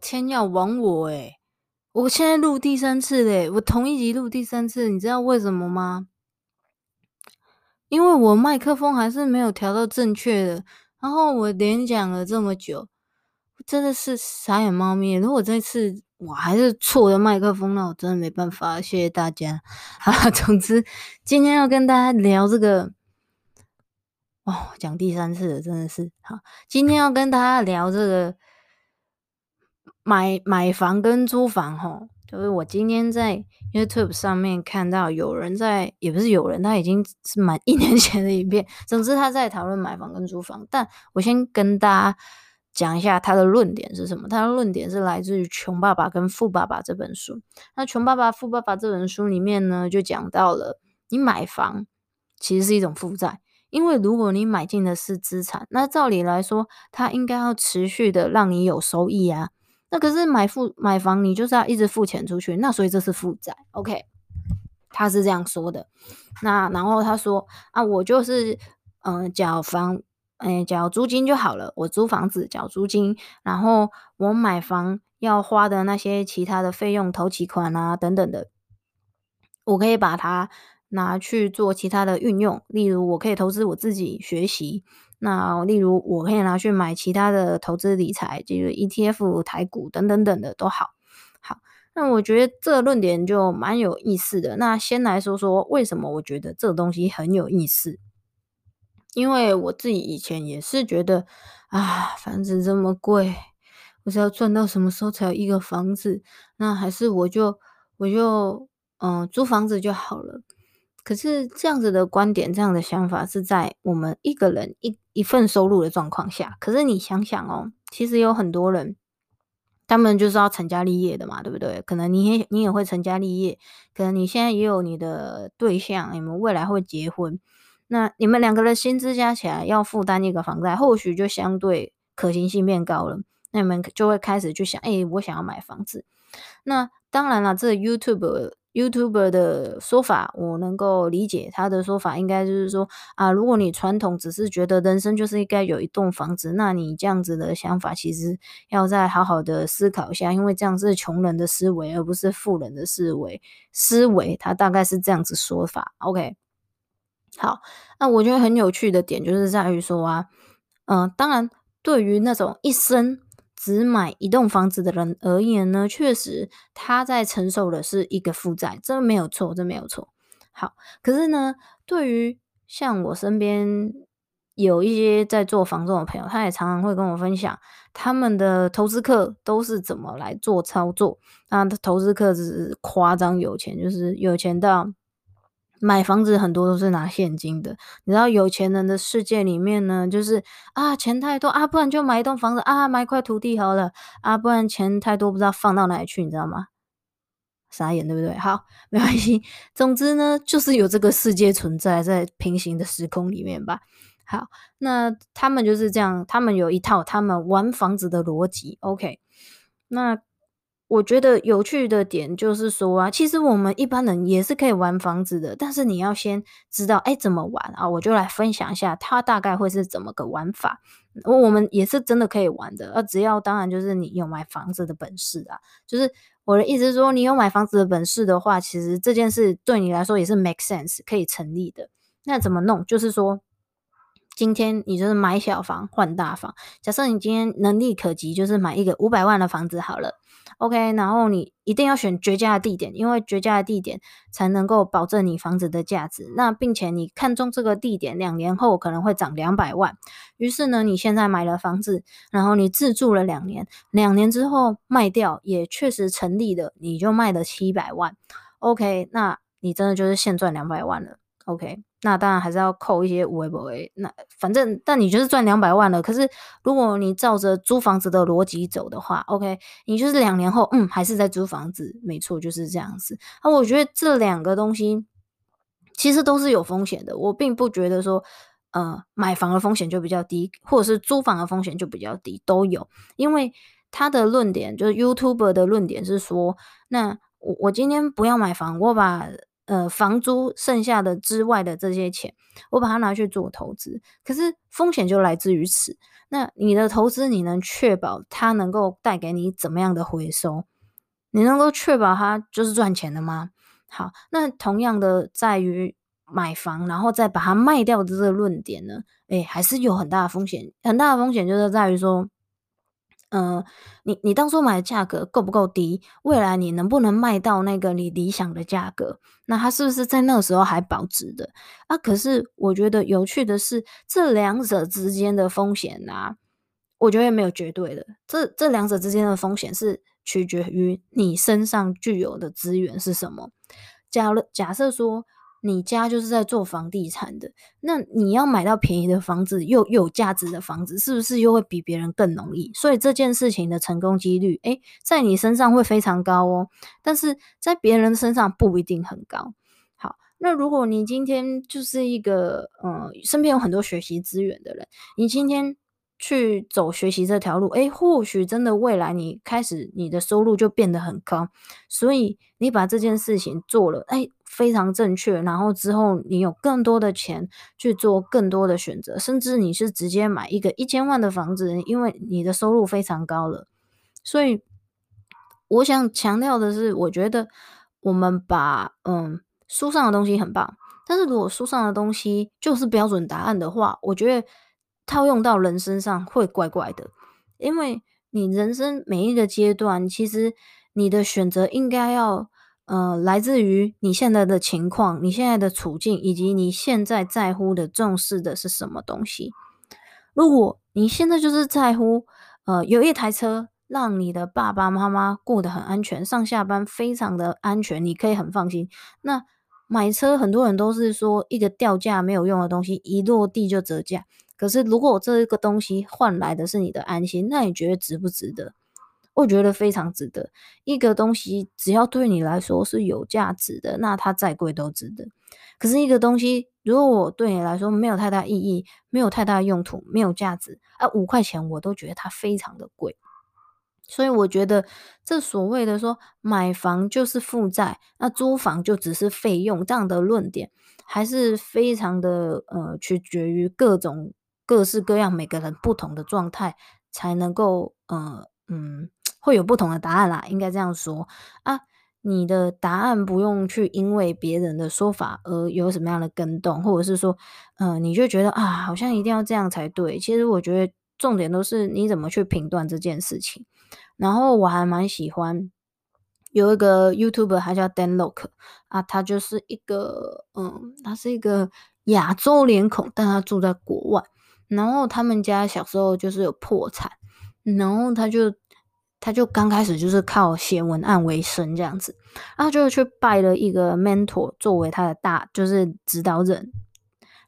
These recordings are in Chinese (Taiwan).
天要亡我誒、欸、我現在錄第三次嘞，欸，我同一集錄第三次，你知道為什麼嗎？因為我麥克風還是沒有調到正確的。然後我連講了這麼久，真的是傻眼貓咪，欸。如果這次我還是錯了的麥克風，那我真的沒辦法。謝謝大家。好，總之今天要跟大家聊這個哦，講第三次了，真的是好。今天要跟大家聊這個。買買房跟租房吼，就是我今天在 YouTube 上面看到有人在，也不是有人，他已經是滿一年前的影片。總之他在討論買房跟租房，但我先跟大家講一下他的論點是什麼。他的論點是來自於《窮爸爸》跟《富爸爸》這本書。那《窮爸爸》跟《富爸爸》這本書裡面呢，就講到了你買房其實是一種負債，因為如果你買進的是資產，那照理來說，它應該要持續的讓你有收益啊。那可是買付買房，你就是要一直付錢出去，那所以這是負債。OK，他是這樣說的。那然後他說啊，我就是嗯、繳、呃、房、哎、欸，繳租金就好了。我租房子繳租金，然後我買房要花的那些其他的費用、頭期款啊等等的，我可以把它，拿去做其他的運用，例如我可以投資我自己學習，那例如我可以拿去買其他的投資理財，就是 ETF、台股等等等的都好。好，那我覺得這論點就蠻有意思的。那先來說說為什麼我覺得這東西很有意思，因為我自己以前也是覺得啊，房子這麼貴，我是要賺到什麼時候才有一個房子，那還是我就我就嗯、呃、租房子就好了。可是這樣子的觀點，這樣的想法是在我們一個人一一份收入的狀況下。可是你想想哦，其實有很多人，他們就是要成家立業的嘛，對不對？可能你也你也會成家立業，可能你現在也有你的對象，你們未來會結婚，那你們兩個人薪資加起來要負擔一個房貸，或許就相對可行性變高了，那你們就會開始去想，哎、欸，我想要買房子。那當然了，這個、YouTube。YouTuber 的說法，我能夠理解他的說法，應該就是說啊，如果你傳統只是覺得人生就是應該有一棟房子，那你這樣子的想法其實要再好好的思考一下，因為這樣是窮人的思維，而不是富人的思維。思維他大概是這樣子說法。OK，好，那我覺得很有趣的點就是在於說啊，嗯，當然對於那種一生，只買一棟房子的人而言呢，確實他在承受的是一個負債，這沒有錯，這沒有錯。好，可是呢，對於像我身邊有一些在做房仲的朋友，他也常常會跟我分享他們的投資客都是怎麼來做操作。那投資客只是誇張有錢，就是有錢到。買房子很多都是拿現金的，你知道有錢人的世界裡面呢，就是啊錢太多啊，不然就買一棟房子啊，買一塊土地好了啊，不然錢太多不知道放到哪裡去，你知道嗎？傻眼對不對？好，沒關係，總之呢就是有這個世界存在在平行的時空裡面吧。好，那他們就是這樣，他們有一套他們玩房子的邏輯。OK，那。我覺得有趣的點就是說啊，其實我們一般人也是可以玩房子的，但是你要先知道，哎，怎麼玩啊？我就來分享一下它大概會是怎麼個玩法。我們也是真的可以玩的啊，只要當然就是你有買房子的本事啊，就是我的意思是說，你有買房子的本事的話，其實這件事對你來說也是 make sense，可以成立的。那怎麼弄？就是說。今天你就是買小房換大房。假設你今天能力可及，就是買一個五百萬的房子好了。OK，然後你一定要選絕佳的地點，因為絕佳的地點才能夠保證你房子的價值。那並且你看中這個地點，兩年後可能會漲兩百萬。於是呢，你現在買了房子，然後你自住了兩年，兩年之後賣掉，也確實成立的，你就賣了七百萬。OK，那你真的就是現賺兩百萬了。OK。那當然還是要扣一些五維五，那反正，但你就是賺兩百萬了。可是，如果你照着租房子的邏輯走的話，OK，你就是兩年後，嗯，還是在租房子，沒錯，就是這樣子。那、啊、我覺得這兩個東西其實都是有風險的，我並不覺得說，呃，買房的風險就比較低，或者是租房的風險就比較低，都有。因為他的論點就是 YouTuber 的論點是說，那我我今天不要買房，我把。呃，房租剩下的之外的這些錢，我把它拿去做投資，可是風險就來自於此。那你的投資，你能確保它能夠帶給你怎麼樣的回收？你能夠確保它就是賺錢的嗎？好，那同樣的在於買房，然後再把它賣掉的這個論點呢，誒、欸，還是有很大的風險。很大的風險就是在於說。嗯、呃，你你當初買的價格夠不夠低？未來你能不能賣到那個你理想的價格？那它是不是在那個時候還保值的？啊，可是我覺得有趣的是，這兩者之間的風險啊，我覺得也沒有絕對的。這這兩者之間的風險是取決於你身上具有的資源是什麼。假如假設說，你家就是在做房地產的，那你要買到便宜的房子又有價值的房子，是不是又會比別人更容易？所以這件事情的成功幾率，欸，在你身上會非常高哦，但是在別人身上不一定很高。好，那如果你今天就是一個嗯，身邊有很多學習資源的人，你今天。去走學習這條路，誒，或許真的未來你開始你的收入就變得很高，所以你把這件事情做了，誒，非常正確。然後之後你有更多的錢去做更多的選擇，甚至你是直接買一個一千萬的房子，因為你的收入非常高了。所以我想強調的是，我覺得我們把嗯書上的東西很棒，但是如果書上的東西就是標準答案的話，我覺得。套用到人身上會怪怪的，因為你人生每一個階段，其實你的選擇應該要，呃，來自於你現在的情況、你現在的處境，以及你現在在乎的、重視的是什麼東西。如果你現在就是在乎，呃，有一台車，讓你的爸爸媽媽過得很安全，上下班非常的安全，你可以很放心。那買車，很多人都是說一個掉價沒有用的東西，一落地就折價。可是，如果我這一個東西換來的是你的安心，那你覺得值不值得？我覺得非常值得。一個東西只要對你來說是有價值的，那它再貴都值得。可是，一個東西如果我對你來說沒有太大意義、沒有太大用途、沒有價值，啊，五塊錢我都覺得它非常的貴。所以，我覺得這所謂的說買房就是負債，那租房就只是費用這樣的論點，還是非常的呃，取決於各種。各式各樣，每個人不同的狀態才能夠呃嗯，會有不同的答案啦，應該這樣說啊。你的答案不用去因為別人的說法而有什麼樣的更動，或者是說嗯、呃、你就覺得啊好像一定要這樣才對。其實我覺得重點都是你怎麼去評斷這件事情。然後我還蠻喜歡有一個 YouTuber 還叫 Dan Lok 啊，他就是一個嗯，他是一個亞洲臉孔，但他住在國外。然後他們家小時候就是有破產，然後他就他就剛開始就是靠寫文案為生這樣子，然後就去拜了一個 mentor 作為他的大就是指導人。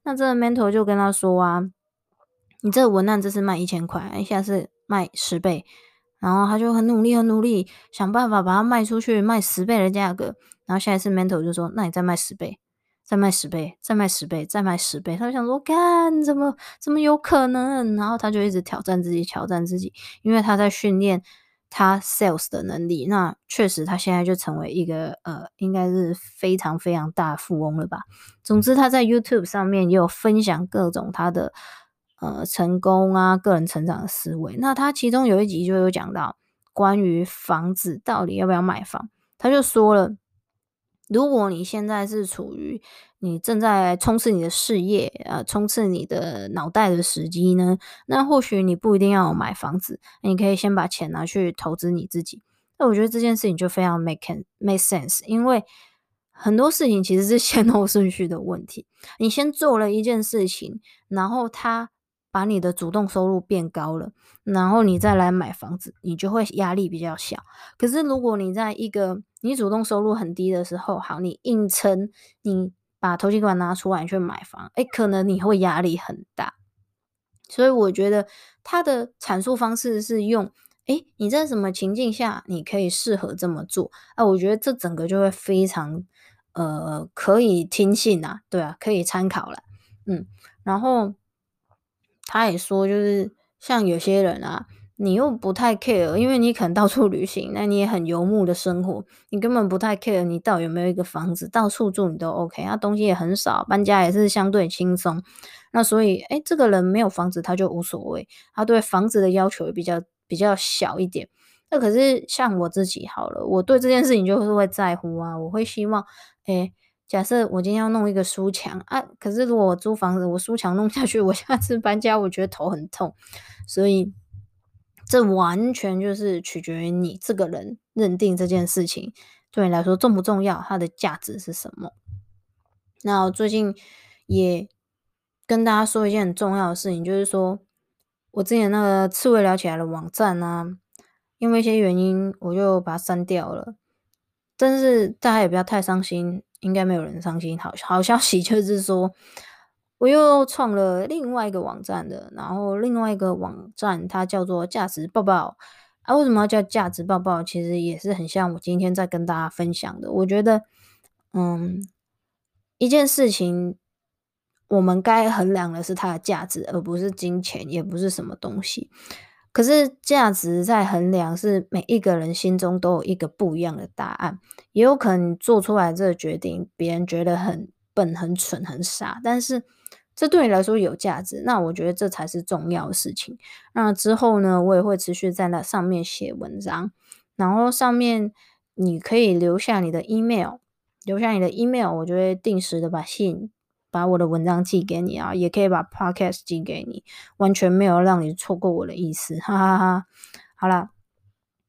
那這個 mentor 就跟他說啊，你這個文案這次賣一千塊，下次賣十倍。然後他就很努力很努力想辦法把它賣出去，賣十倍的價格。然後下一次 mentor 就說，那你再賣十倍。再賣十倍，再賣十倍，再賣十倍。他就想說，幹，怎麼怎麼有可能？然後他就一直挑戰自己，挑戰自己，因為他在訓練他 sales 的能力。那確實，他現在就成為一個呃，應該是非常非常大富翁了吧。總之，他在 YouTube 上面也有分享各種他的呃成功啊，個人成長的思維。那他其中有一集就有講到關於房子到底要不要買房，他就說了。如果你現在是處於你正在衝刺你的事業，呃，衝刺你的腦袋的時機呢，那或許你不一定要買房子，你可以先把錢拿去投資你自己。那我覺得這件事情就非常 make sense，因為很多事情其實是先後順序的問題。你先做了一件事情，然後它。把你的主動收入變高了，然後你再來買房子，你就會壓力比較小。可是如果你在一個你主動收入很低的時候，好，你硬撐，你把投資款拿出來去買房，哎，可能你會壓力很大。所以我覺得它的闡述方式是用，哎，你在什麼情境下你可以適合這麼做？哎、啊，我覺得這整個就會非常，呃，可以聽信啊，對啊，可以參考了，嗯，然後。他也說，就是像有些人啊，你又不太 care，因為你可能到處旅行，那你也很游牧的生活，你根本不太 care，你到有沒有一個房子，到處住你都 OK，那、啊、東西也很少，搬家也是相對輕鬆。那所以，誒，這個人沒有房子他就無所謂，他對房子的要求也比較比較小一點。那可是像我自己好了，我對這件事情就是會在乎啊，我會希望，誒假設我今天要弄一個書牆啊，可是如果我租房子，我書牆弄下去，我下次搬家，我覺得頭很痛，所以這完全就是取決於你這個人認定這件事情對你來說重不重要，它的價值是什麼。那我最近也跟大家說一件很重要的事情，就是說，我之前那個刺蝟聊起來的網站啊，因為一些原因，我就把它刪掉了，但是大家也不要太傷心。應該沒有人傷心好。好好消息就是說，我又創了另外一個網站的，然後另外一個網站它叫做價值抱抱。啊，為什麼要叫價值抱抱？其實也是很像我今天在跟大家分享的。我覺得，嗯，一件事情我們該衡量的是它的價值，而不是金錢，也不是什麼東西。可是價值在衡量，是每一個人心中都有一個不一樣的答案。也有可能做出來這個決定，別人覺得很笨、很蠢、很傻，但是這對你來說有價值。那我覺得這才是重要的事情。那之後呢，我也會持續在那上面寫文章，然後上面你可以留下你的 email，留下你的 email，我就會定時的把信。把我的文章寄給你啊，也可以把 podcast 寄給你，完全沒有讓你錯過我的意思，哈哈哈。好啦，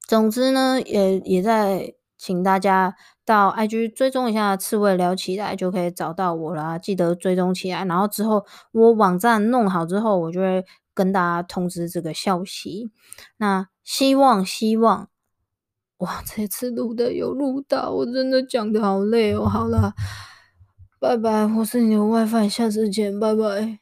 總之呢，也也在請大家到 IG 追蹤一下“刺蝟聊起來”就可以找到我啦，記得追蹤起來。然後之後我網站弄好之後，我就會跟大家通知這個消息。那希望希望，哇，這次錄的有錄到，我真的講的好累哦。好啦。拜拜，我是你的 WiFi，下次見，拜拜。